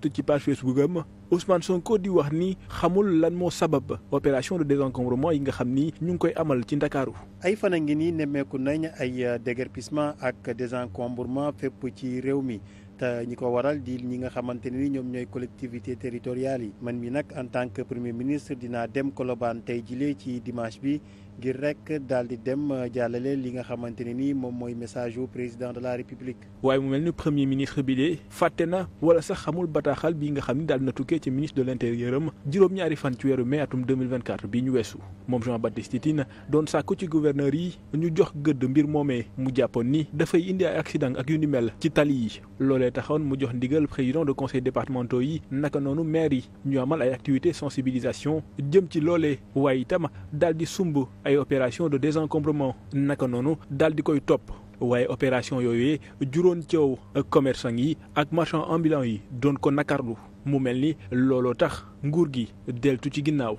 post ci page Facebook am Ousmane Sonko di wax nii xamul lan moo sabab opération de désencombrement yi nga xam nii ñu ngi koy amal ci Ndakaaru ay fan a ngi nii nemmeeku nañ ay déguerpissement ak désencombrement fépp ci réew mi te ñi ko waral di ñi nga xamante ni ñoom ñooy collectivité territoriales yi man mi nag en tant que premier ministre dina dem Colobane tey jile ci dimanche bi ngir rek daal di dem jàllale li nga xamante ne ni moom mooy message wu président de la république. waaye mu mel ni premier ministre bi de fàtte na wala sax xamul bataaxal bi nga xam ni daal na tukkee ci ministre de l' intérieur am juróom-ñaari fan ci weeru mai atum 2024 bii ñu weesu moom Jean Baptiste Tine doon sàkku ci gouverneur yi ñu jox gëdd mbir moomee mu jàppoon ni dafay indi accident ak yu ni ci tali yi loolee taxoon mu jox ndigal président de conseil départementaux yi naka noonu maire yi ñu amal ay activités sensibilisation jëm ci loolee waaye tama daal di sumb ay opération de désencombrement naka noonu daal di koy topp waaye opération yooyu juróon coow commerçant yi ak marchand ambulant yi doon ko nakarlu mu mel ni looloo tax nguur gi deltu ci ginnaaw